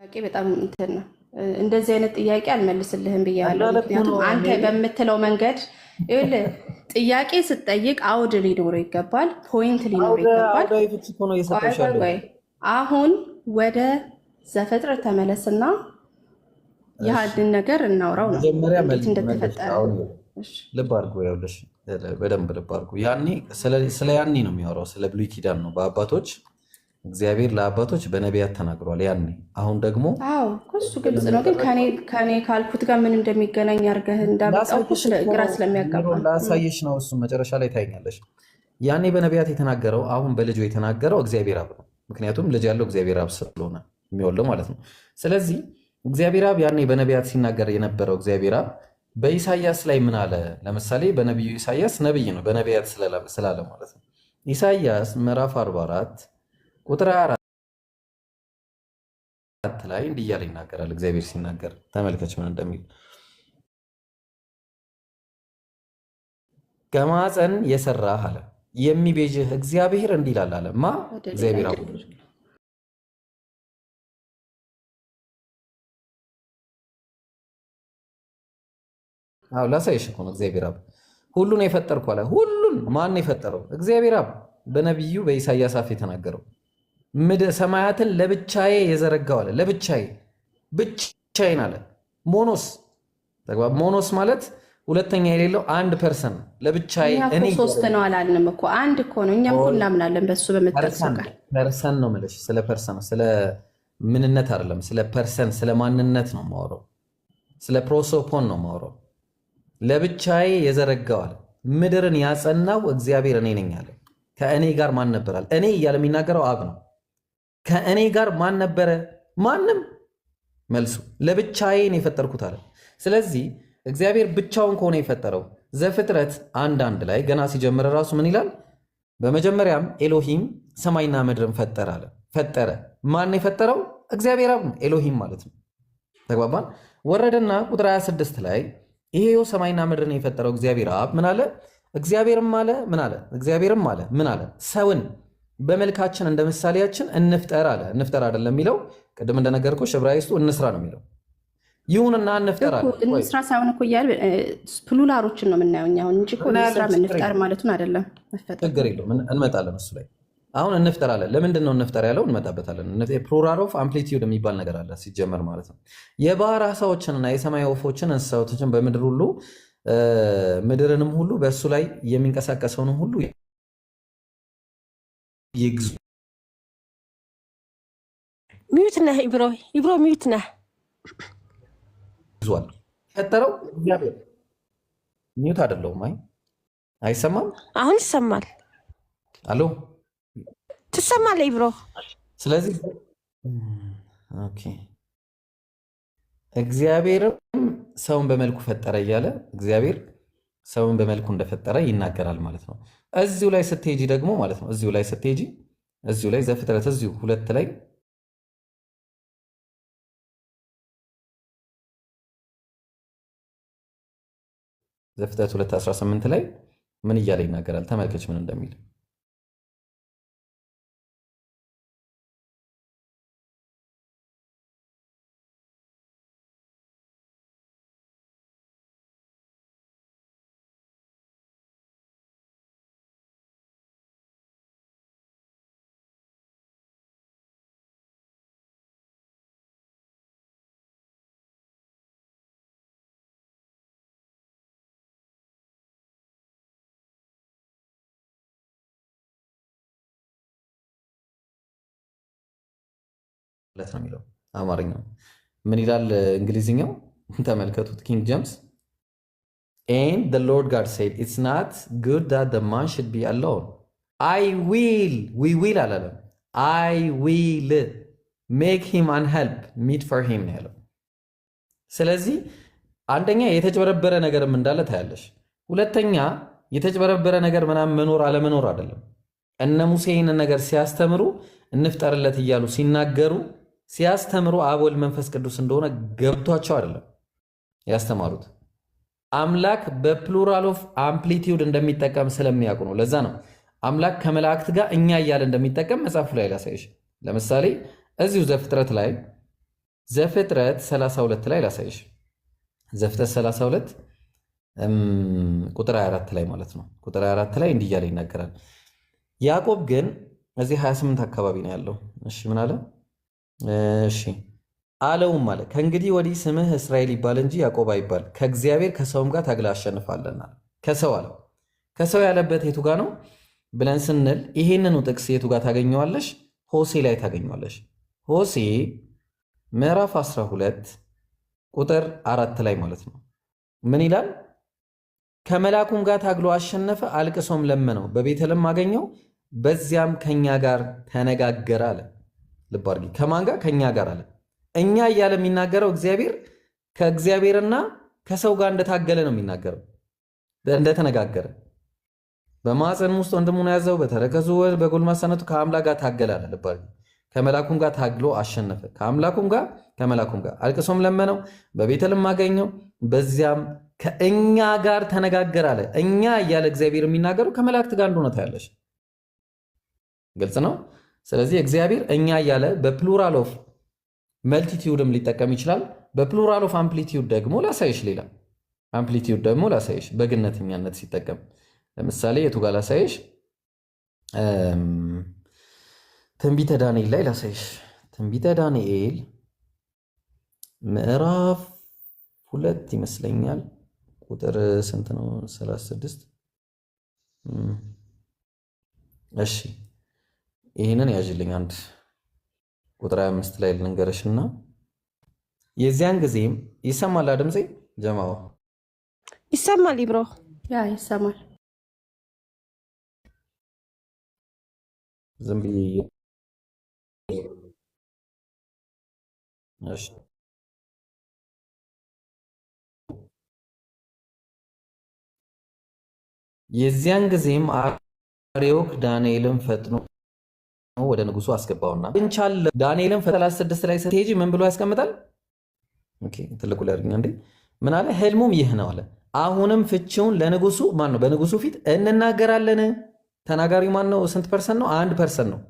ጥያቄ በጣም እንትን ነው። እንደዚህ አይነት ጥያቄ አልመልስልህም ብያለሁ። ምክንያቱም አንተ በምትለው መንገድ ይኸውልህ፣ ጥያቄ ስጠይቅ አውድ ሊኖረው ይገባል፣ ፖይንት ሊኖረው ይገባል። አሁን ወደ ዘፍጥረት ተመለስና ያህልን ነገር እናውራው ነው እንደተፈጠረ ልብ አድርጎ ልብ አድርጎ ያኔ ስለ ያኔ ነው የሚያወራው፣ ስለ ብሉይ ኪዳን ነው በአባቶች እግዚአብሔር ለአባቶች በነቢያት ተናግሯል። ያኔ አሁን ደግሞ እሱ ግልጽ ነው፣ ግን ከኔ ካልኩት ጋር ምን እንደሚገናኝ አድርገህ እንዳመጣው ስለሚያጋባ ላሳየሽ ነው። እሱ መጨረሻ ላይ ታይኛለሽ። ያኔ በነቢያት የተናገረው አሁን በልጁ የተናገረው እግዚአብሔር አብ ነው። ምክንያቱም ልጅ ያለው እግዚአብሔር አብ ስለሆነ የሚወለው ማለት ነው። ስለዚህ እግዚአብሔር አብ ያኔ በነቢያት ሲናገር የነበረው እግዚአብሔር አብ በኢሳያስ ላይ ምን አለ? ለምሳሌ በነቢዩ ኢሳያስ ነብይ ነው፣ በነቢያት ስላለ ማለት ነው። ኢሳያስ ምዕራፍ 44 ቁጥር አራት ላይ እንዲህ እያለ ይናገራል። እግዚአብሔር ሲናገር ተመልከች ምን እንደሚል ከማፀን የሰራህ አለ የሚቤዥህ እግዚአብሔር እንዲህ ይላል አለ ማ እግዚአብሔር አቡ አዎ ላሳይሽ እኮ ነው። እግዚአብሔር አብ ሁሉን የፈጠርኩ አለ። ሁሉን ማን የፈጠረው? እግዚአብሔር አብ በነቢዩ በኢሳያስ አፍ የተናገረው ምድር ሰማያትን ለብቻዬ የዘረጋው አለ። ለብቻዬ ብቻዬን አለ። ሞኖስ ተግባ ሞኖስ ማለት ሁለተኛ የሌለው አንድ ፐርሰን ለብቻዬ። እኔ ሶስት ነው አላልንም እኮ አንድ እኮ ነው። እኛም እኮ እናምናለን በሱ በመጠቃል ፐርሰን ነው የምልሽ። ስለ ፐርሰን ስለ ምንነት አይደለም፣ ስለ ፐርሰን ስለ ማንነት ነው የማወራው። ስለ ፕሮሶፖን ነው የማወራው። ለብቻዬ የዘረጋዋል ምድርን ያጸናው እግዚአብሔር እኔ ነኝ አለ። ከእኔ ጋር ማን ነበራል? እኔ እያለ የሚናገረው አብ ነው። ከእኔ ጋር ማን ነበረ? ማንም። መልሱ ለብቻዬን የፈጠርኩት አለ። ስለዚህ እግዚአብሔር ብቻውን ከሆነ የፈጠረው ዘፍጥረት አንድ አንድ ላይ ገና ሲጀምር ራሱ ምን ይላል? በመጀመሪያም ኤሎሂም ሰማይና ምድርን ፈጠረ አለ። ፈጠረ። ማን የፈጠረው? እግዚአብሔር አብ፣ ኤሎሂም ማለት ነው። ተግባባን። ወረደና ቁጥር 26 ላይ ይሄው ሰማይና ምድርን የፈጠረው እግዚአብሔር አብ ምን አለ? እግዚአብሔርም አለ ምን አለ? እግዚአብሔርም አለ ምን አለ? ሰውን በመልካችን እንደ ምሳሌያችን እንፍጠር አለ። እንፍጠር አይደለም የሚለው ቅድም እንደነገርኩሽ ዕብራይስጡ እንስራ ነው የሚለው። ይሁንና እንፍጠር አለ። እንስራ ሳይሆን እኮ እያል ፕሉላሮችን ነው የምናየው እኛ አሁን እንጂ እንስራ እንፍጠር ማለቱን አይደለም። ችግር የለውም እንመጣለን እሱ ላይ። አሁን እንፍጠር አለ። ለምንድን ነው እንፍጠር ያለው? እንመጣበታለን። ፕሉራል ኦፍ አምፕሊቲዩድ የሚባል ነገር አለ ሲጀመር ማለት ነው። የባህር አሳዎችንና የሰማይ ወፎችን እንስሳቶችን በምድር ሁሉ ምድርንም ሁሉ በእሱ ላይ የሚንቀሳቀሰውንም ሁሉ የግዙ ሚዩት ነህ ኢብሮ፣ ኢብሮ ሚዩት ነህ። ይዟል ፈጠረው እግዚአብሔር። ሚዩት አይደለሁም። አይ አይሰማም። አሁን ይሰማል። አሎ ትሰማለህ ኢብሮ። ስለዚህ ኦኬ እግዚአብሔርም ሰውን በመልኩ ፈጠረ እያለ እግዚአብሔር ሰውን በመልኩ እንደፈጠረ ይናገራል ማለት ነው። እዚሁ ላይ ስትሄጂ ደግሞ ማለት ነው እዚሁ ላይ ስትሄጂ እዚሁ ላይ ዘፍጥረት እዚሁ ሁለት ላይ ዘፍጥረት 218 ላይ ምን እያለ ይናገራል? ተመልከች ምን እንደሚል ለት ነው የሚለው አማርኛው ምን ይላል? እንግሊዝኛው ተመልከቱት። ኪንግ ጀምስ ኤንድ ዘ ሎርድ ጋድ ሴድ ኢትስ ናት ጉድ ዛት ደ ማን ሽድ ቢ አሎን አይ ዊል ዊ ዊል አላለም። አይ ዊል ሜክ ሂም አን ሄልፕ ሚድ ፎር ሂም ነው ያለው። ስለዚህ አንደኛ የተጭበረበረ ነገርም እንዳለ ታያለሽ። ሁለተኛ የተጭበረበረ ነገር ምናምን መኖር አለመኖር አይደለም። እነ ሙሴ ይህንን ነገር ሲያስተምሩ እንፍጠርለት እያሉ ሲናገሩ ሲያስተምሩ አብ ወልድ መንፈስ ቅዱስ እንደሆነ ገብቷቸው አይደለም ያስተማሩት። አምላክ በፕሉራል ኦፍ አምፕሊቲዩድ እንደሚጠቀም ስለሚያውቁ ነው። ለዛ ነው አምላክ ከመላእክት ጋር እኛ እያለ እንደሚጠቀም መጽሐፉ ላይ ላሳይሽ። ለምሳሌ እዚሁ ዘፍጥረት ላይ ዘፍጥረት 32 ላይ ላሳይሽ። ዘፍጥረት 32 ቁጥር 24 ላይ ማለት ነው። ቁጥር 24 ላይ እንዲህ እያለ ይናገራል። ያዕቆብ ግን እዚህ 28 አካባቢ ነው ያለው። እሺ ምን አለ? እሺ አለውም አለ ከእንግዲህ ወዲህ ስምህ እስራኤል ይባል እንጂ ያዕቆብ አይባል፣ ከእግዚአብሔር ከሰውም ጋር ታግላ አሸንፋለና። ከሰው አለው ከሰው ያለበት የቱ ጋር ነው ብለን ስንል ይሄንኑ ጥቅስ የቱ ጋር ታገኘዋለሽ? ሆሴ ላይ ታገኘዋለሽ። ሆሴ ምዕራፍ 12 ቁጥር አራት ላይ ማለት ነው። ምን ይላል? ከመላኩም ጋር ታግሎ አሸነፈ፣ አልቅሶም ለመነው፣ በቤተልም አገኘው፣ በዚያም ከኛ ጋር ተነጋገረ አለን። ልብ አድርጊ። ከማን ጋር? ከእኛ ጋር አለ። እኛ እያለ የሚናገረው እግዚአብሔር ከእግዚአብሔርና ከሰው ጋር እንደታገለ ነው የሚናገረው፣ እንደተነጋገረ በማፀን ውስጥ ወንድሙን ያዘው፣ በተረከዙ በጎልማሳነቱ ከአምላክ ጋር ታገለ አለ። ልብ አድርጊ። ከመላኩም ጋር ታግሎ አሸነፈ። ከአምላኩም ጋር ከመላኩም ጋር አልቅሶም ለመነው፣ በቤተልም አገኘው። በዚያም ከእኛ ጋር ተነጋገር አለ። እኛ እያለ እግዚአብሔር የሚናገረው ከመላእክት ጋር እንደሆነ ታያለሽ። ግልጽ ነው። ስለዚህ እግዚአብሔር እኛ እያለ በፕሉራል ኦፍ መልቲቲዩድም ሊጠቀም ይችላል። በፕሉራል ኦፍ አምፕሊቲዩድ ደግሞ ላሳይሽ፣ ሌላ አምፕሊቲዩድ ደግሞ ላሳይሽ። በግነተኛነት ሲጠቀም ለምሳሌ የቱ ጋር ላሳይሽ? ትንቢተ ዳንኤል ላይ ላሳይሽ። ትንቢተ ዳንኤል ምዕራፍ ሁለት ይመስለኛል። ቁጥር ስንት ነው? 36 እሺ ይህንን ያዥልኝ አንድ ቁጥር አምስት ላይ ልንገረሽ ልንገረሽና የዚያን ጊዜም ይሰማል ድምፄ ጀማዋ ይሰማል ይብሮ ያ ይሰማል ዝም ብዬ የዚያን ጊዜም አርዮክ ዳንኤልን ፈጥኖ ወደ ንጉሱ አስገባውና እንቻለ ዳንኤልን ፈተላ ስድስት ላይ ስትሄጂ ምን ብሎ ያስቀምጣል? ትልቁ ላይ እንዴ ምን አለ? ህልሙም ይህ ነው አለ። አሁንም ፍቺውን ለንጉሱ ማን ነው? በንጉሱ ፊት እንናገራለን። ተናጋሪው ማን ነው? ስንት ፐርሰንት ነው? አንድ ፐርሰንት ነው።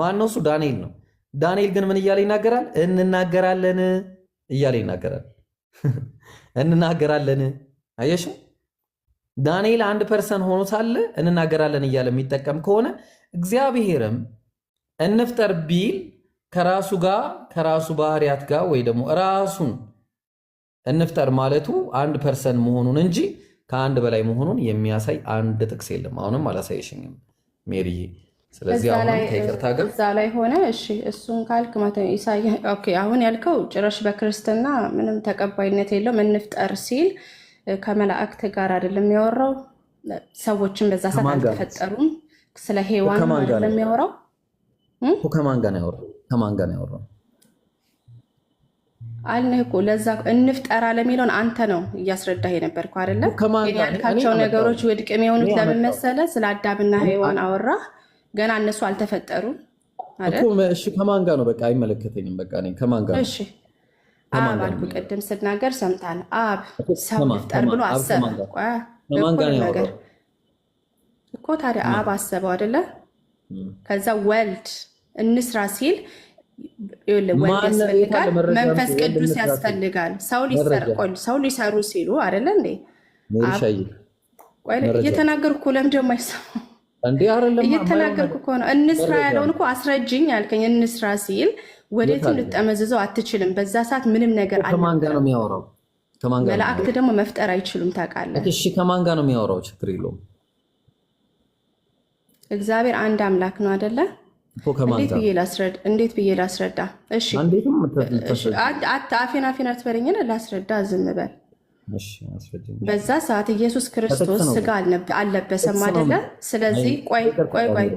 ማን ነው እሱ? ዳንኤል ነው። ዳንኤል ግን ምን እያለ ይናገራል? እንናገራለን እያለ ይናገራል። እንናገራለን አየሽ፣ ዳንኤል አንድ ፐርሰንት ሆኖ ሳለ እንናገራለን እያለ የሚጠቀም ከሆነ እግዚአብሔርም እንፍጠር ቢል ከራሱ ጋር ከራሱ ባህሪያት ጋር ወይ ደግሞ ራሱን እንፍጠር ማለቱ አንድ ፐርሰን መሆኑን እንጂ ከአንድ በላይ መሆኑን የሚያሳይ አንድ ጥቅስ የለም። አሁንም አላሳየሽኝም ሜሪዬ። ስለዚህ እዛ ላይ ሆነ እሺ፣ እሱን ካልክ አሁን ያልከው ጭራሽ በክርስትና ምንም ተቀባይነት የለውም። እንፍጠር ሲል ከመላእክት ጋር አይደለም ያወራው። ሰዎችን በዛ ሰዓት አልተፈጠሩም። ስለ ሔዋን አይደለም ያወራው ከማን ጋር ነው ከማን ጋር ነው ያወራው? እኮ ለዛ እንፍጠራ ለሚለውን አንተ ነው እያስረዳህ የነበር እኮ አይደለ? ያልካቸው ነገሮች ውድቅ የሚሆኑት ለምን መሰለህ? ስለ አዳምና ሔዋን አወራ ገና እነሱ አልተፈጠሩም። ከማን ጋር ነው? በቃ አይመለከተኝም። በቃ ከማን ጋር ነው? አብ አልኩ። ቅድም ስናገር ሰምታል። አብ ሰው ይፍጠር ብሎ አሰበ እኮ ታዲያ አብ አሰበው አይደለ? ከዛ ወልድ እንስራ ሲል መንፈስ ቅዱስ ያስፈልጋል። ሰው ሊሰርቆል ሰው ሊሰሩ ሲሉ አይደለ እንዴ? እየተናገርኩ ለምንድን ነው እየተናገርኩ እኮ ነው። እንስራ ያለውን እኮ አስረጅኝ አልከኝ። እንስራ ሲል ወዴትም ልጠመዝዘው አትችልም። በዛ ሰዓት ምንም ነገር መላእክት ደግሞ መፍጠር አይችሉም። ታውቃለህ። እሺ ከማን ጋር ነው የሚያወራው? ችግር የለውም። እግዚአብሔር አንድ አምላክ ነው አይደለ? እንዴት ብዬ ላስረዳ? እሺ አፌን አፌን አትበለኝን፣ ላስረዳ ዝም በል። በዛ ሰዓት ኢየሱስ ክርስቶስ ስጋ አልለበሰም አደለ? ስለዚህ ቆይ ቆይ ቆይ፣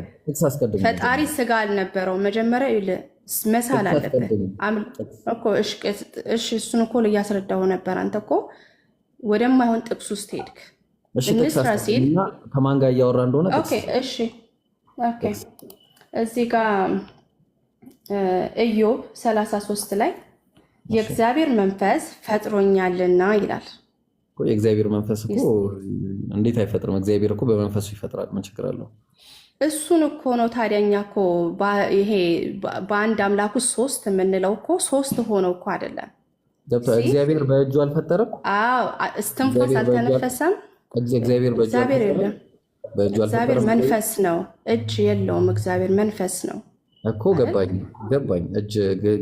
ፈጣሪ ስጋ አልነበረው። መጀመሪያ መሳል አለበት እሺ እሱን እኮ እያስረዳው ነበር። አንተ እኮ ወደማይሆን ጥቅስ ውስጥ ሄድክ። እንስራ ሲል ከማን ጋር እያወራ እንደሆነ እሺ እዚህ ጋር ኢዮብ 33 ላይ የእግዚአብሔር መንፈስ ፈጥሮኛልና ይላል። የእግዚአብሔር መንፈስ እኮ እንዴት አይፈጥርም? እግዚአብሔር እኮ በመንፈሱ ይፈጥራል። ምን ችግር አለው? እሱን እኮ ነው ታዲያኛ እኮ ይሄ በአንድ አምላኩ ሶስት የምንለው እኮ ሶስት ሆነው እኮ አይደለም። እግዚአብሔር በእጁ አልፈጠረም። እስትንፋስ አልተነፈሰም። እግዚአብሔር በእጁ አልፈጠረም። እግዚአብሔር መንፈስ ነው፣ እጅ የለውም። እግዚአብሔር መንፈስ ነው እኮ ገባኝ ገባኝ። እጅ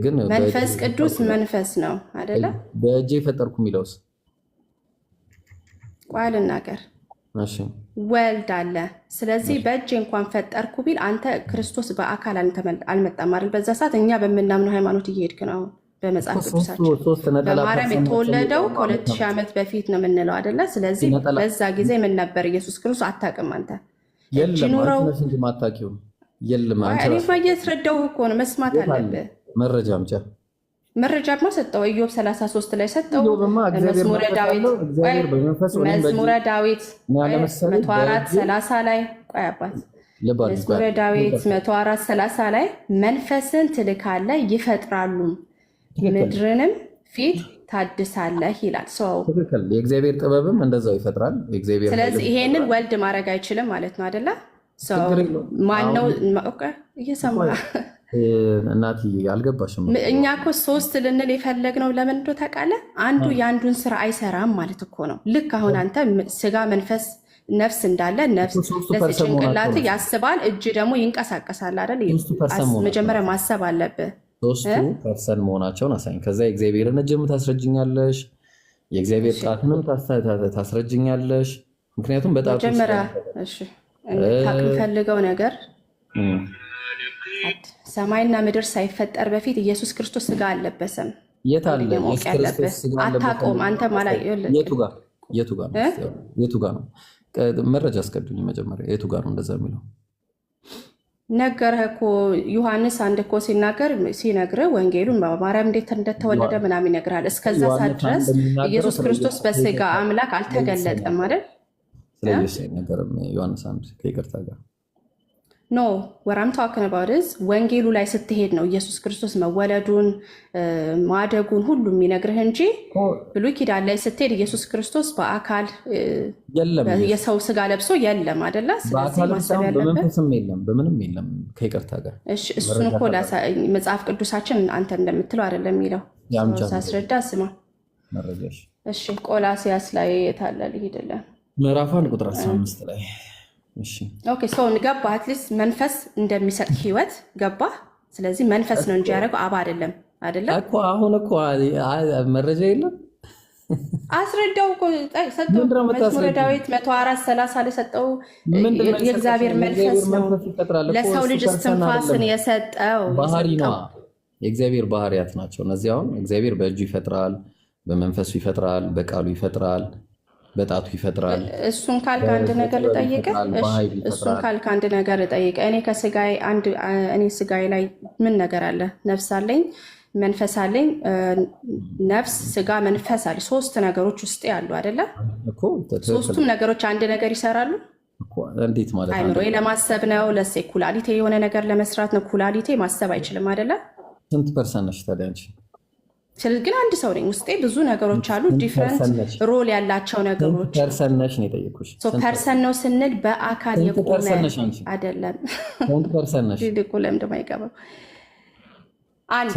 ግን መንፈስ ቅዱስ መንፈስ ነው አደለ? በእጅ የፈጠርኩ የሚለውስ ቆይ ልናገር። ወልድ አለ። ስለዚህ በእጅ እንኳን ፈጠርኩ ቢል አንተ ክርስቶስ በአካል አልመጣም አይደል? በዛ ሰዓት እኛ በምናምነው ሃይማኖት እየሄድክ ነው አሁን በመጽሐፍ ቅዱሳችን በማርያም የተወለደው ከሁለት ሺህ ዓመት በፊት ነው የምንለው አደለ? ስለዚህ በዛ ጊዜ ምን ነበር ኢየሱስ ክርስቶስ? አታውቅም አንተ እየተረዳሁ እኮ ነው፣ መስማት አለብህ። መረጃ መረጃ መረጃማ ሰጠው፣ ኢዮብ 33 ላይ ሰጠው። መዝሙረ ዳዊት መዝሙረ ዳዊት 104 30 ላይ ቆይ አባት መዝሙረ ዳዊት 104 30 ላይ መንፈስን ትልካለህ ይፈጥራሉ ምድርንም ፊት ታድሳለህ ይላል ትክክል። የእግዚአብሔር ጥበብም እንደዛው ይፈጥራል። ስለዚህ ይሄንን ወልድ ማድረግ አይችልም ማለት ነው አይደለ? ማነው እየሰማ እናት አልገባሽም። እኛ እኮ ሶስት ልንል የፈለግነው ለምን እንደው ታውቃለህ፣ አንዱ የአንዱን ስራ አይሰራም ማለት እኮ ነው። ልክ አሁን አንተ ስጋ መንፈስ ነፍስ እንዳለ ነፍስ ጭንቅላት ያስባል፣ እጅ ደግሞ ይንቀሳቀሳል አይደል? መጀመሪያ ማሰብ አለብህ። ሶስቱ ፐርሰን መሆናቸውን አሳኝ። ከዛ የእግዚአብሔርን እጅም ታስረጅኛለሽ፣ የእግዚአብሔር ጣትንም ታስረጅኛለሽ። ምክንያቱም በጣም የምፈልገው ነገር ሰማይና ምድር ሳይፈጠር በፊት ኢየሱስ ክርስቶስ ስጋ አልለበሰም። የት አለ? አታውቀውም። አንተም የቱ ጋር ነው? መረጃ አስቀዱኝ መጀመሪያ። የቱ ጋ ነው እንደዛ የሚለው ነገርህ እኮ ዮሐንስ አንድ እኮ ሲናገር ሲነግር ወንጌሉን በማርያም እንዴት እንደተወለደ ምናምን ይነግራል። እስከዛ ሰዓት ድረስ ኢየሱስ ክርስቶስ በስጋ አምላክ አልተገለጠም አይደል? ስለዚህ ዮሐንስ ከይቅርታ ጋር ኖ ወራም ታክን ባድዝ ወንጌሉ ላይ ስትሄድ ነው ኢየሱስ ክርስቶስ መወለዱን ማደጉን ሁሉ የሚነግርህ እንጂ ብሉይ ኪዳን ላይ ስትሄድ ኢየሱስ ክርስቶስ በአካል የሰው ስጋ ለብሶ የለም አደላ። ስለዚህ ማሰብ በምንም የለም ከይቅርታ ጋር እሱን እኮ መጽሐፍ ቅዱሳችን አንተ እንደምትለው አደለም የሚለው ሳስረዳ ስማ። እሺ ቆላሲያስ ላይ የታላል ይሄድልን ምዕራፋን ቁጥር 15 ላይ ኦኬ ሰው ገባ። አትሊስት መንፈስ እንደሚሰጥ ህይወት ገባ። ስለዚህ መንፈስ ነው እንጂ ያደረገው አባ አይደለም። አይደለም እኮ አሁን እኮ መረጃ የለም። አስረዳው እኮ መዝሙረ ዳዊት መቶ አራት ሰላሳ ለሰጠው የእግዚአብሔር መንፈስ ነው ለሰው ልጅ እስትንፋስን የሰጠው ባህሪ ነው። የእግዚአብሔር ባህሪያት ናቸው እነዚህ። አሁን እግዚአብሔር በእጁ ይፈጥራል፣ በመንፈሱ ይፈጥራል፣ በቃሉ ይፈጥራል በጣቱ ይፈጥራል። እሱን ካልክ አንድ ነገር ልጠይቅ። እሱን ካልክ አንድ ነገር ልጠይቅ። እኔ ከስጋዬ አንድ እኔ ስጋዬ ላይ ምን ነገር አለ? ነፍስ አለኝ፣ መንፈስ አለኝ። ነፍስ፣ ስጋ፣ መንፈስ አለ። ሶስት ነገሮች ውስጥ ያሉ አይደለ? ሶስቱም ነገሮች አንድ ነገር ይሰራሉ። እንዴት ማለት አይምሮዬ ለማሰብ ነው። ለሴ ኩላሊቴ የሆነ ነገር ለመስራት ነው። ኩላሊቴ ማሰብ አይችልም አይደለ? ስንት ፐርሰንት ነሽ ታዲያ አንቺ? ስለዚህ ግን አንድ ሰው ነኝ። ውስጤ ብዙ ነገሮች አሉ፣ ዲፍረንት ሮል ያላቸው ነገሮች። ፐርሰን ነሽ ነው የጠየኩሽ። ፐርሰን ነው ስንል በአካል የቆመ አይደለም። ትልቁ ለምድም አይገባም። አንድ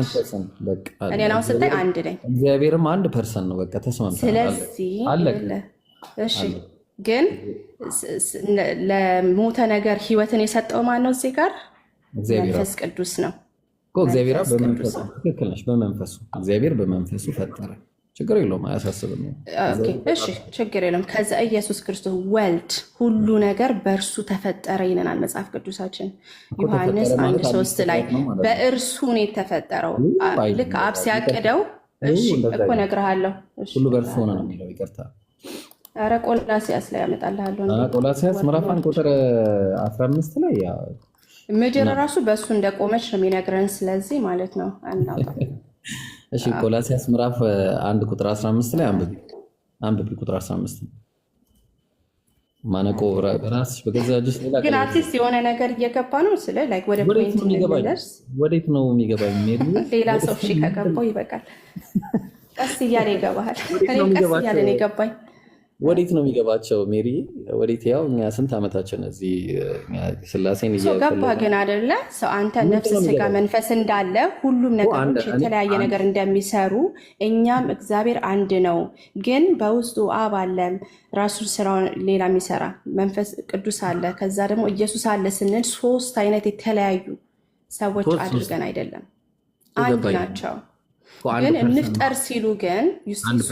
እኔን አሁን ስታይ አንድ ነኝ፣ እግዚአብሔርም አንድ ፐርሰን ነው። በቃ ተስማምተናል። ስለዚህ እሺ፣ ግን ለሞተ ነገር ህይወትን የሰጠው ማን ነው? እዚህ ጋር መንፈስ ቅዱስ ነው። እግዚአብሔር በመንፈሱ ትክክል ነሽ። በመንፈሱ እግዚአብሔር በመንፈሱ ፈጠረ። ችግር የለውም፣ አያሳስብም። እሺ ችግር የለም። ከዛ ኢየሱስ ክርስቶስ ወልድ ሁሉ ነገር በእርሱ ተፈጠረ ይለናል መጽሐፍ ቅዱሳችን ዮሐንስ አንድ ሶስት ላይ በእርሱ ነው የተፈጠረው። ልክ አብ ሲያቅደው እኮ እነግርሃለሁ፣ ሁሉ በእርሱ ሆነ ነው የሚለው። ይቅርታ ኧረ ቆላሲያስ ላይ ያመጣልሃለሁ። ቆላሲያስ ምዕራፍ አንድ ቁጥር 15 ላይ ምድር ራሱ በእሱ እንደቆመች ነው የሚነግረን። ስለዚህ ማለት ነው እሺ ቆላሲያስ ምዕራፍ አንድ ቁጥር 15 ላይ አንብቢ አንብቢ። ቁጥር 15 ማነቆ በራስሽ በገዛ እጅሽ። ግን አርቲስት የሆነ ነገር እየገባ ነው ስለ ወደ ወዴት ነው የሚገባ? ሌላ ሰው ከገባው ይበቃል። ቀስ እያለ ይገባል። ቀስ እያለ ነው የገባኝ ወዴት ነው የሚገባቸው? ሜሪ ወዴት ያው እኛ ስንት ዓመታችን እዚህ ስላሴን ገባ ግን አደለ ሰው አንተ ነፍስ፣ ስጋ፣ መንፈስ እንዳለ ሁሉም ነገሮች የተለያየ ነገር እንደሚሰሩ እኛም እግዚአብሔር አንድ ነው፣ ግን በውስጡ አብ አለ፣ ራሱን ስራውን ሌላ የሚሰራ መንፈስ ቅዱስ አለ፣ ከዛ ደግሞ ኢየሱስ አለ ስንል ሶስት አይነት የተለያዩ ሰዎች አድርገን አይደለም፣ አንድ ናቸው። ግን እንፍጠር ሲሉ ግን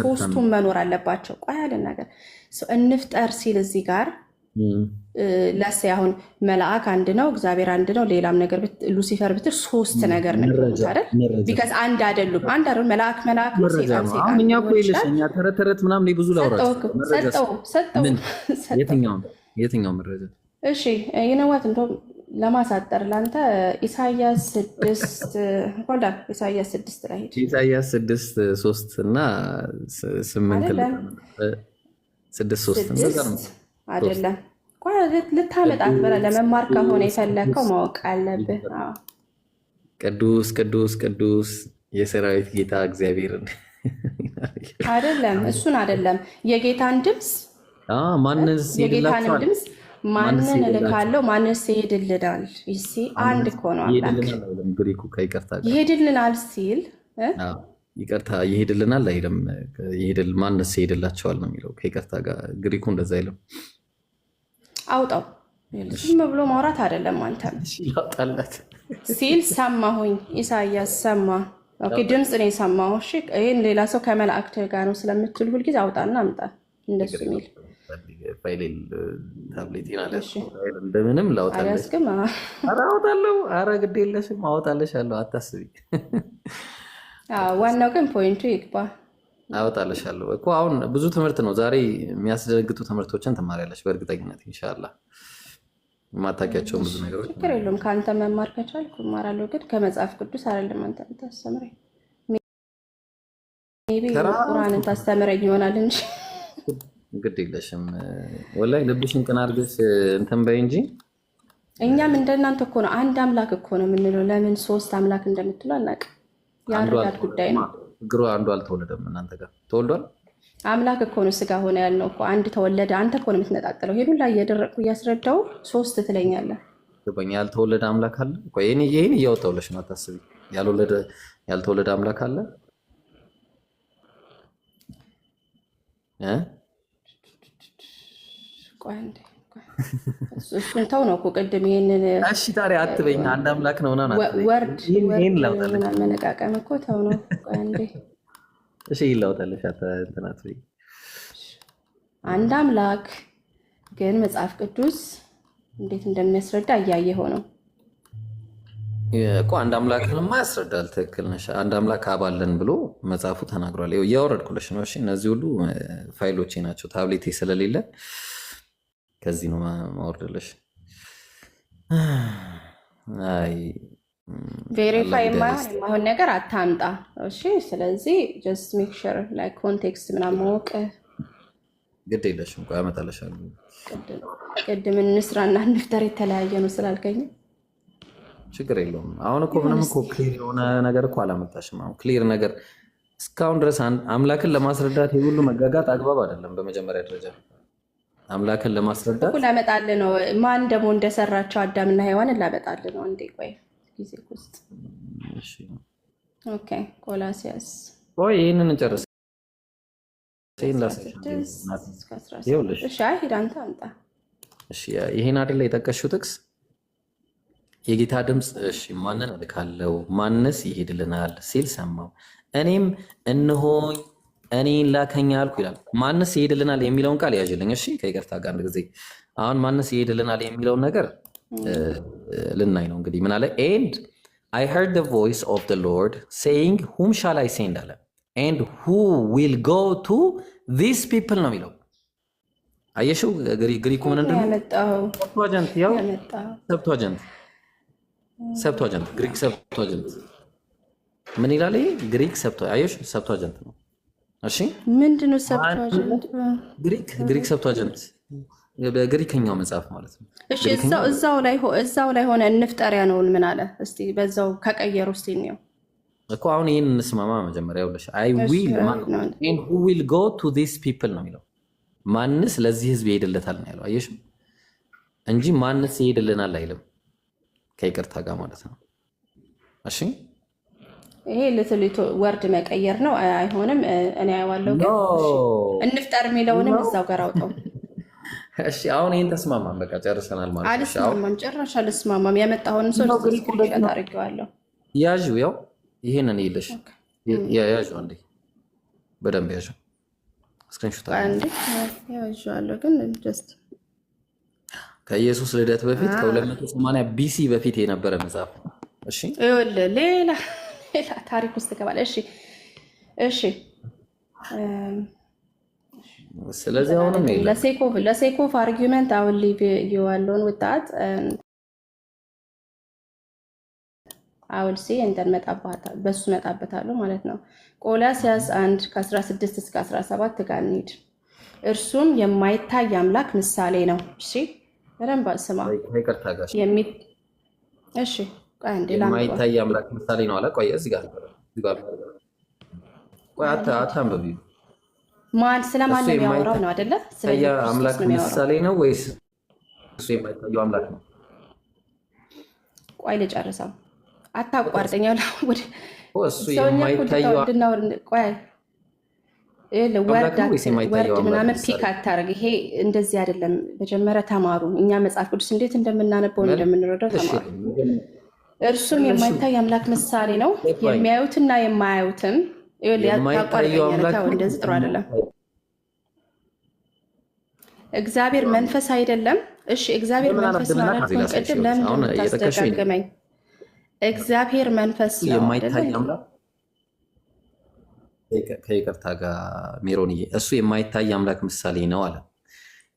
ሶስቱም መኖር አለባቸው። ቆይ ያለ ነገር እንፍጠር ሲል እዚህ ጋር ለሴ አሁን መልአክ አንድ ነው፣ እግዚአብሔር አንድ ነው፣ ሌላም ነገር ሉሲፈር ብትል ሶስት ነገር ነው ቢካዝ አንድ አይደሉም። አንድ አይደሉም። መልአክ መልአክ ነው፣ ሴጣን ሴጣን ነው። ተረት ተረት ምናምን ብዙ ላውራቸው ሰጠው ሰጠው። የትኛው መረጃ? እሺ ይነዋት እንደውም ለማሳጠር ለአንተ ኢሳያስ ስድስት እንኳን ኢሳያስ ስድስት ላይ ኢሳያስ ስድስት ሶስት እና ስምንት ስድስት ሶስት አይደለም ልታመጣት በላ ለመማር ከሆነ የፈለግከው ማወቅ አለብህ። ቅዱስ ቅዱስ ቅዱስ የሰራዊት ጌታ እግዚአብሔርን አይደለም እሱን አይደለም የጌታን ድምፅ ማንስ የጌታንም ድምፅ ማንን እልካለሁ? ማንስ ይሄድልናል? ይሲ አንድ እኮ ነው። ግሪኩ ከይቅርታ ይሄድልናል ሲል ይቅርታ ይሄድልናል አይልም። ማንስ ይሄድላቸዋል ነው የሚለው ከይቅርታ ጋር። ግሪኩ እንደዛ አይልም። አውጣው ዝም ብሎ ማውራት አይደለም። አንተም አንተ ሲል ሰማሁኝ። ኢሳያስ ሰማ ድምፅ ነው የሰማሁ። ይህን ሌላ ሰው ከመላእክት ጋር ነው ስለምትል ሁልጊዜ አውጣና አምጣ እንደሱ የሚል ፋይሌን ታብሌቴን እንደምንም ላውጣለሽ። ኧረ አወጣለሁ። ኧረ ግድ የለሽም አወጣልሻለሁ። አታስቢ። ዋናው ግን ፖይንቱ ይግባ። አወጣለሽ አወጣልሻለሁ እኮ አሁን ብዙ ትምህርት ነው ዛሬ። የሚያስደነግጡ ትምህርቶችን ትማሪያለሽ በእርግጠኝነት ኢንሻላህ። የማታውቂያቸውን ብዙ ነገሮች ችግር የለውም። ከአንተ መማር ከቻልኩ እማራለሁ። ግን ከመጽሐፍ ቅዱስ አይደለም አንተ የምታስተምረኝ፣ ቁርአንን ታስተምረኝ ይሆናል እንጂ ግድ የለሽም ወላይ ልብሽን ቅን አድርገሽ እንትን በይ እንጂ እኛም እንደናንተ እኮ ነው። አንድ አምላክ እኮ ነው የምንለው። ለምን ሶስት አምላክ እንደምትሉ አናውቅም። የአረዳድ ጉዳይ ነው። ግሮ አንዱ አልተወለደም። እናንተ ጋር ተወልዷል። አምላክ እኮ ነው ስጋ ሆነ ያልነው እኮ አንድ ተወለደ። አንተ እኮ ነው የምትነጣጥለው። ሄዱ ላይ እየደረቅኩ እያስረዳው ሶስት ትለኛለህ። ገባኝ። ያልተወለደ አምላክ አለ። ይህን እያወጣሁልሽ ነው፣ አታስቢ። ያልተወለደ አምላክ አለ ይህን ይህን እያወጣውለሽ ነው አታስቢ ያልተወለደ አምላክ አለ እሱን ተው ነው እኮ ቅድም ይሄንን እሺ፣ ታዲያ አትበኝ። አንድ አምላክ ነው ምናምን ወርድ መነቃቀም እኮ ተው ነው። አንዴ እሺ፣ ይለውጣልሽ አንድ አምላክ ግን መጽሐፍ ቅዱስ እንዴት እንደሚያስረዳ እያየኸው ነው እኮ። አንድ አምላክንማ ያስረዳል። ትክክል ነሽ። አንድ አምላክ አባለን ብሎ መጽሐፉ ተናግሯል። እያወረድኩልሽ ነው። እሺ፣ እነዚህ ሁሉ ፋይሎቼ ናቸው ታብሌቴ ስለሌለ ከዚህ ነው ማወርድልሽ። አይ ቬሪፋይ የማይሆን ነገር አታምጣ። እሺ፣ ስለዚህ ጀስት ሜክ ሹር ላይ ኮንቴክስት ምናምን ማወቅ ግድ የለሽም። ቆይ አመጣልሻለሁ። ቅድም እንስራ እና እንፍጠር የተለያየ ነው ስላልከኝ ችግር የለውም። አሁን እኮ ምንም እኮ ክሊር የሆነ ነገር እኮ አላመጣሽም። አሁን ክሊር ነገር እስካሁን ድረስ አምላክን ለማስረዳት የሁሉ መጋጋት አግባብ አይደለም በመጀመሪያ ደረጃ አምላክን ለማስረዳት ላመጣል ነው። ማን ደግሞ እንደሰራቸው አዳምና ሔዋንን ላመጣል ነው። እንዴ ቆይ ጊዜ ውስጥ ኦኬ፣ ቆላሲያስ ቆይ ይህንን እንጨርስ። ይህን አይደለ የጠቀሽው ጥቅስ የጌታ ድምፅ እሺ፣ ማንን እልካለሁ? ማንስ ይሄድልናል ሲል ሰማው። እኔም እንሆኝ እኔን ላከኝ አልኩ ይላል። ማንስ ይሄድልናል የሚለውን ቃል ያዥልኝ። እሺ ከይቅርታ ጋር አንድ ጊዜ አሁን ማንስ ይሄድልናል የሚለውን ነገር ልናይ ነው እንግዲህ ምን አለ? ኤንድ አይ ሄርድ ቮይስ ኦፍ ደ ሎርድ ሴይንግ ሁም ሻል አይ ሴንድ አለ። ኤንድ ሁ ዊል ጎ ቱ ዚስ ፒፕል ነው የሚለው አየሽው። ግሪኩ ምን ሰብቷጀንት፣ ያው ሰብቷጀንት፣ ሰብቷጀንት፣ ግሪክ ሰብቷጀንት ምን ይላል? ግሪክ ሰብቷጀንት ነው እሺ ምንድን ነው ግሪክ ግሪክ ሰብቱ በግሪከኛው መጽሐፍ ማለት ነው። እሺ እዛው ላይ ሆነ እንፍጠሪያ ነውን ምን አለ እስቲ በዛው ከቀየሩ እስቲ እንየው እኮ አሁን ይህን እንስማማ። መጀመሪያ ይኸውልሽ አይ ዊል ሁ ዊል ጎ ቱ ዚስ ፒፕል ነው የሚለው ማንስ ለዚህ ህዝብ ይሄድለታል ነው ያለው። አየሽም እንጂ ማንስ ይሄድልናል አይልም፣ ከይቅርታ ጋር ማለት ነው። እሺ ይሄ ልትል ወርድ መቀየር ነው። አይሆንም። እኔ አየዋለሁ። ግን እንፍጠር የሚለውንም እዛው ጋር አውጣው። እሺ አሁን ይህን ተስማማም፣ በቃ ጨርሰናል ማለት ነው። አልስማማም፣ ጭራሽ አልስማማም። ያመጣሁን ሰው ስክሪንሾት አድርጌዋለሁ። ያዥ ያው ይህንን ይለሽ ያዥ እንዴ፣ በደንብ ያዥ። ስክሪንሾት ያዥዋለሁ። ግን ጀስት ከኢየሱስ ልደት በፊት ከ280 ቢሲ በፊት የነበረ መጽሐፍ እሺ ይኸውልህ ሌላ ሌላ ታሪክ ውስጥ ገባል። እሺ እሺ። ስለዚህ አሁንም አርጊመንት አሁን ሊቭ የዋለውን ወጣት አውል ሲ እንደን በሱ መጣበታለሁ ማለት ነው። 1 ከ16 እስከ 17 ጋር እንሂድ። እርሱም የማይታይ አምላክ ምሳሌ ነው። እሺ በደንብ ስማ። እሺ የማይታይ አምላክ ምሳሌ ነው አለ። ቆይ እዚህ ጋር ቆይ አታንብቢ። ማን ስለማን ነው የሚያወራው? ነው አይደለ? አምላክ ምሳሌ ነው ወይስ እሱ የማይታየው አምላክ ነው? ቆይ ልጨርሰው፣ አታቋርጠኝ። እሱ የማይታየው ወርድ ምናምን ፒክ አታርግ። ይሄ እንደዚህ አይደለም። መጀመሪያ ተማሩ። እኛ መጽሐፍ ቅዱስ እንዴት እንደምናነበው እንደምንረዳው ተማሩ። እርሱም የማይታይ አምላክ ምሳሌ ነው። የሚያዩትና የማያዩትም እንደዚህ ጥሩ አይደለም። እግዚአብሔር መንፈስ አይደለም? እሺ፣ እግዚአብሔር መንፈስ ማለት ቅድም ለምንድን ነው እግዚአብሔር መንፈስ ነው። ከይቅርታ ጋር ሜሮንዬ፣ እሱ የማይታይ አምላክ ምሳሌ ነው አለ።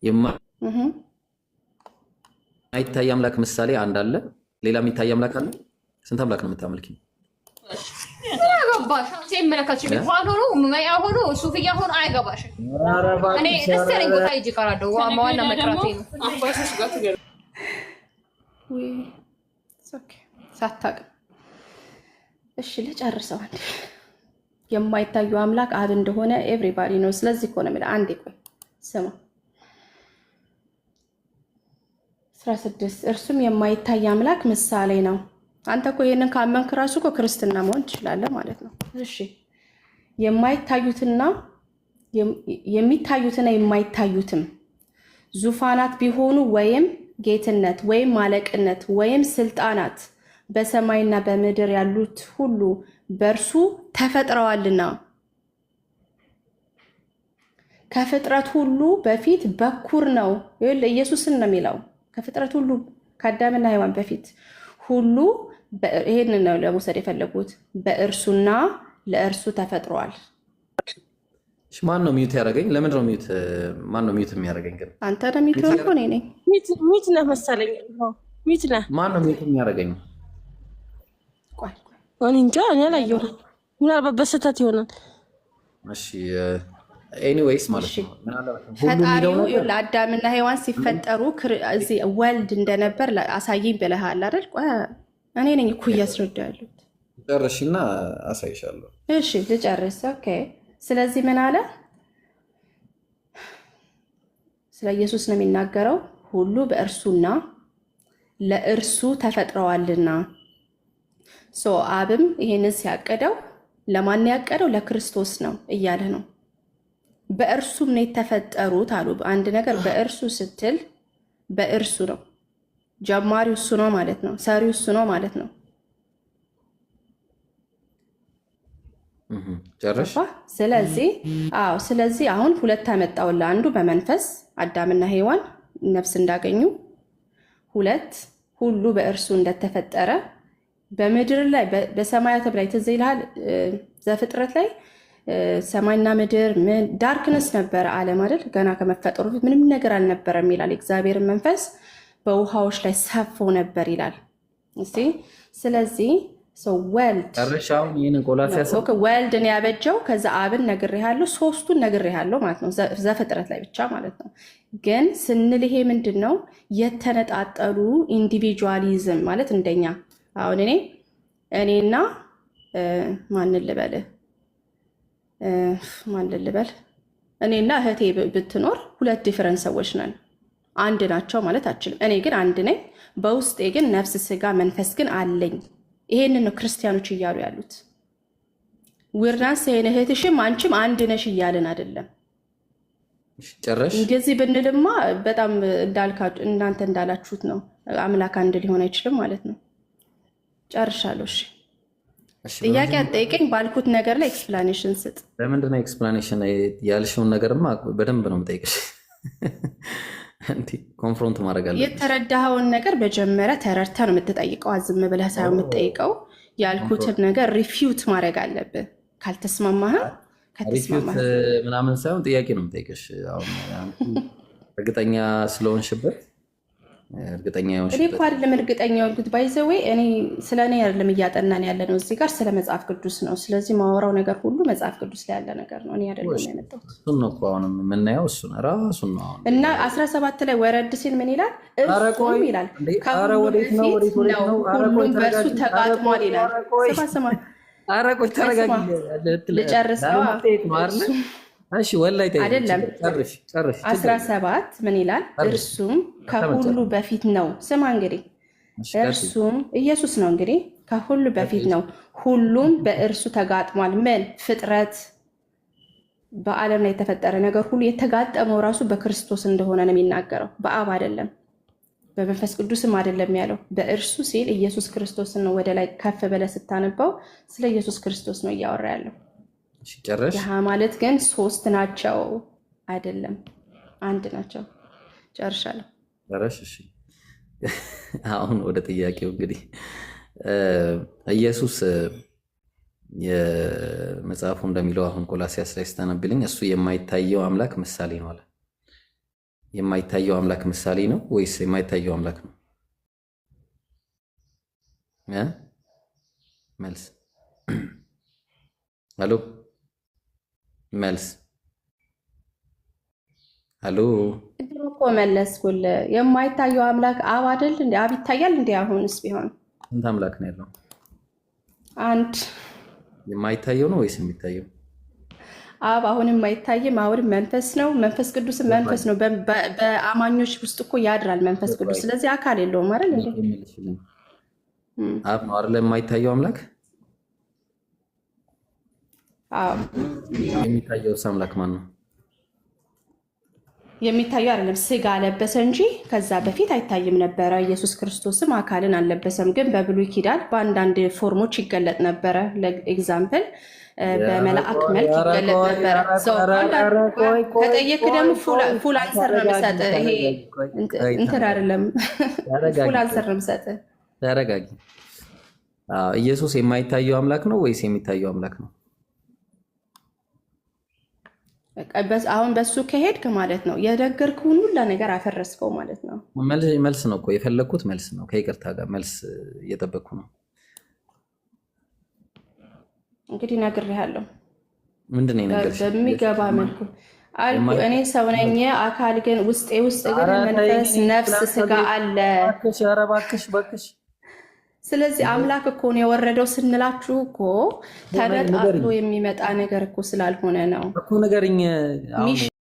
የማይታይ አምላክ ምሳሌ አንድ አለ ሌላ የሚታይ አምላክ አለ? ስንት አምላክ ነው የምታመልኪ? ሳታውቅም እሺ ልጨርሰዋል። የማይታዩ አምላክ አብ እንደሆነ ኤቭሪባዲ ነው። ስለዚህ ከሆነ አንዴ ቆይ ስማ 16 እርሱም የማይታይ አምላክ ምሳሌ ነው። አንተ እኮ ይህንን ካመንክ ራሱ እኮ ክርስትና መሆን ትችላለህ ማለት ነው። እሺ የማይታዩትና የሚታዩትና የማይታዩትም ዙፋናት ቢሆኑ ወይም ጌትነት ወይም ማለቅነት ወይም ስልጣናት በሰማይና በምድር ያሉት ሁሉ በእርሱ ተፈጥረዋልና ከፍጥረት ሁሉ በፊት በኩር ነው። ይኸውልህ ኢየሱስን ነው የሚለው ከፍጥረት ሁሉ ከአዳምና ሔዋን በፊት ሁሉ ይህንን ነው ለመውሰድ የፈለጉት። በእርሱና ለእርሱ ተፈጥሯል። ማን ነው ሚዩት ያደረገኝ? ለምን ነው ሚዩት? ማን ነው ሚዩት የሚያደረገኝ? ግን አንተ ነው ሚዩት ሆንኩ እኔ ነኝ። ሚዩት ነህ መሰለኝ። ሚዩት ነህ። ማን ነው ሚዩት የሚያደረገኝ? የሚያደርገኝ? እንጃ እኔ አላየሁም። ምናልባት በስህተት ይሆናል። እሺ ኤኒዌይስ ማለት ነው ፈጣሪው ለአዳምና ሔዋን ሲፈጠሩ ወልድ እንደነበር አሳየኝ ብለሃል አይደል? እኔ ነኝ እኮ እያስረዳ ያሉት። ጨርሽና አሳይሻለሁ። እሺ ልጨርስ። ኦኬ። ስለዚህ ምን አለ? ስለ ኢየሱስ ነው የሚናገረው። ሁሉ በእርሱና ለእርሱ ተፈጥረዋልና ሶ አብም ይሄንን ሲያቀደው ለማን ያቀደው? ለክርስቶስ ነው እያለ ነው በእርሱም ነው የተፈጠሩት አሉ። አንድ ነገር በእርሱ ስትል በእርሱ ነው ጀማሪው እሱ ነው ማለት ነው። ሰሪው እሱ ነው ማለት ነው። ስለዚህ አዎ፣ ስለዚህ አሁን ሁለት አመጣውላ። አንዱ በመንፈስ አዳምና ሔዋን ነፍስ እንዳገኙ፣ ሁለት ሁሉ በእርሱ እንደተፈጠረ በምድር ላይ በሰማያትም ላይ ትዝ ይልሃል ዘፍጥረት ላይ ሰማይና ምድር ዳርክነስ ነበረ ዓለም አይደል? ገና ከመፈጠሩ ፊት ምንም ነገር አልነበረም ይላል። እግዚአብሔር መንፈስ በውሃዎች ላይ ሰፎ ነበር ይላል። እስቲ ስለዚህ ወልድ ወልድን ያበጀው ከዛ አብን ነግሬሃለሁ፣ ሶስቱን ነግሬሃለሁ ማለት ነው። ዘፍጥረት ላይ ብቻ ማለት ነው። ግን ስንል ይሄ ምንድን ነው? የተነጣጠሉ ኢንዲቪጁዋሊዝም ማለት እንደኛ አሁን እኔ እኔና ማንን ልበልህ ማን ልበል እኔና እህቴ ብትኖር ሁለት ዲፈረንት ሰዎች ነን። አንድ ናቸው ማለት አችልም። እኔ ግን አንድ ነኝ፣ በውስጤ ግን ነፍስ፣ ስጋ፣ መንፈስ ግን አለኝ። ይሄንን ነው ክርስቲያኖች እያሉ ያሉት። ዊርናንስ ሴን እህትሽም አንቺም አንድ ነሽ እያልን አይደለም። እንደዚህ ብንልማ በጣም እናንተ እንዳላችሁት ነው። አምላክ አንድ ሊሆን አይችልም ማለት ነው። ጨርሻለሁ። ጥያቄ አጠይቀኝ ባልኩት ነገር ላይ ኤክስፕላኔሽን ስጥ። ለምንድን ነው ኤክስፕላኔሽን ያልሽውን ነገርማ በደንብ ነው የምጠይቅሽ። ኮንፍሮንት ማድረግ አለ። የተረዳኸውን ነገር መጀመሪያ ተረድተ ነው የምትጠይቀው። አዝም ብለህ ሳይሆን የምትጠይቀው ያልኩትን ነገር ሪፊዩት ማድረግ አለብን ካልተስማማህም ምናምን ሳይሆን ጥያቄ ነው የምጠይቅሽ እርግጠኛ ስለሆንሽበት እርግጠኛ እኮ አይደለም እርግጠኛ የሆንኩት ባይዘዌ እኔ ስለ እኔ አይደለም እያጠናን ያለ ነው። እዚህ ጋር ስለ መጽሐፍ ቅዱስ ነው። ስለዚህ ማወራው ነገር ሁሉ መጽሐፍ ቅዱስ ላይ ያለ ነገር ነው። እኔ አይደለም የመጣሁት እሱን ነው እኮ አሁንም የምናየው እሱን እራሱን ነው። አሁን እና አስራ ሰባት ላይ ወረድ ሲል ምን ይላል? እርሱም ይላል ከሁሉም በፊት ነው፣ ሁሉም በእርሱ ተቃጥሟል ይላል። ስማ ስማ፣ ልጨርስ ነው እሺ ወላይ አይደለም አስራ ሰባት ምን ይላል? እርሱም ከሁሉ በፊት ነው። ስማ እንግዲህ እርሱም ኢየሱስ ነው። እንግዲህ ከሁሉ በፊት ነው፣ ሁሉም በእርሱ ተጋጥሟል። ምን ፍጥረት በዓለም ላይ የተፈጠረ ነገር ሁሉ የተጋጠመው ራሱ በክርስቶስ እንደሆነ ነው የሚናገረው። በአብ አይደለም በመንፈስ ቅዱስም አይደለም ያለው። በእርሱ ሲል ኢየሱስ ክርስቶስን ነው። ወደ ላይ ከፍ ብለህ ስታነባው ስለ ኢየሱስ ክርስቶስ ነው እያወራ ያለው። ሲጨረስ ድሃ ማለት ግን ሶስት ናቸው አይደለም፣ አንድ ናቸው። ጨርሻለሁ። ጨረሽ? እሺ። አሁን ወደ ጥያቄው እንግዲህ ኢየሱስ የመጽሐፉ እንደሚለው አሁን ቆላሲያስ ላይ ስታነብልኝ እሱ የማይታየው አምላክ ምሳሌ ነው አለ። የማይታየው አምላክ ምሳሌ ነው ወይስ የማይታየው አምላክ ነው? መልስ አሎ መልስ አሉ ቅድም እኮ መለስኩልህ። የማይታየው አምላክ አብ አይደል? እንደ አብ ይታያል እንዴ? አሁንስ ቢሆን ስንት አምላክ ነው ያለው? አንድ። የማይታየው ነው ወይስ የሚታየው? አብ አሁንም አይታይም። አሁንም መንፈስ ነው። መንፈስ ቅዱስ መንፈስ ነው። በአማኞች ውስጥ እኮ ያድራል መንፈስ ቅዱስ። ስለዚህ አካል የለውም አይደል? አብ ነው አይደል? የማይታየው አምላክ የሚታየው አምላክ ማን ነው? የሚታየው አይደለም፣ ስጋ አለበሰ እንጂ ከዛ በፊት አይታይም ነበረ። ኢየሱስ ክርስቶስም አካልን አለበሰም፣ ግን በብሉይ ኪዳን በአንዳንድ ፎርሞች ይገለጥ ነበረ። ለኤግዛምፕል በመላእክ መልክ ይገለጥ ነበረ። ከጠየክ ደግሞ ፉል አንሰር ነው የምሰጥህ። ይሄ እንትን አይደለም፣ ፉል አንሰር ነው የምሰጥህ። ተረጋጊ። ኢየሱስ የማይታየው አምላክ ነው ወይስ የሚታየው አምላክ ነው? አሁን በሱ ከሄድክ ማለት ነው የነገርኩህን ሁሉላ ነገር አፈረስከው ማለት ነው። መልስ ነው እኮ የፈለግኩት መልስ ነው። ከይቅርታ ጋር መልስ እየጠበቅኩ ነው። እንግዲህ ነግሬሃለሁ። ምንድን ነው የነገርሽ? በሚገባ መልኩ እኔ ሰው ነኝ። አካል ግን ውስጤ ውስጥ ግን መንፈስ፣ ነፍስ፣ ስጋ አለ። እባክሽ እባክሽ ስለዚህ አምላክ እኮ ነው የወረደው ስንላችሁ እኮ ተነጣጥሎ የሚመጣ ነገር እኮ ስላልሆነ ነው እኮ ነገርኝ።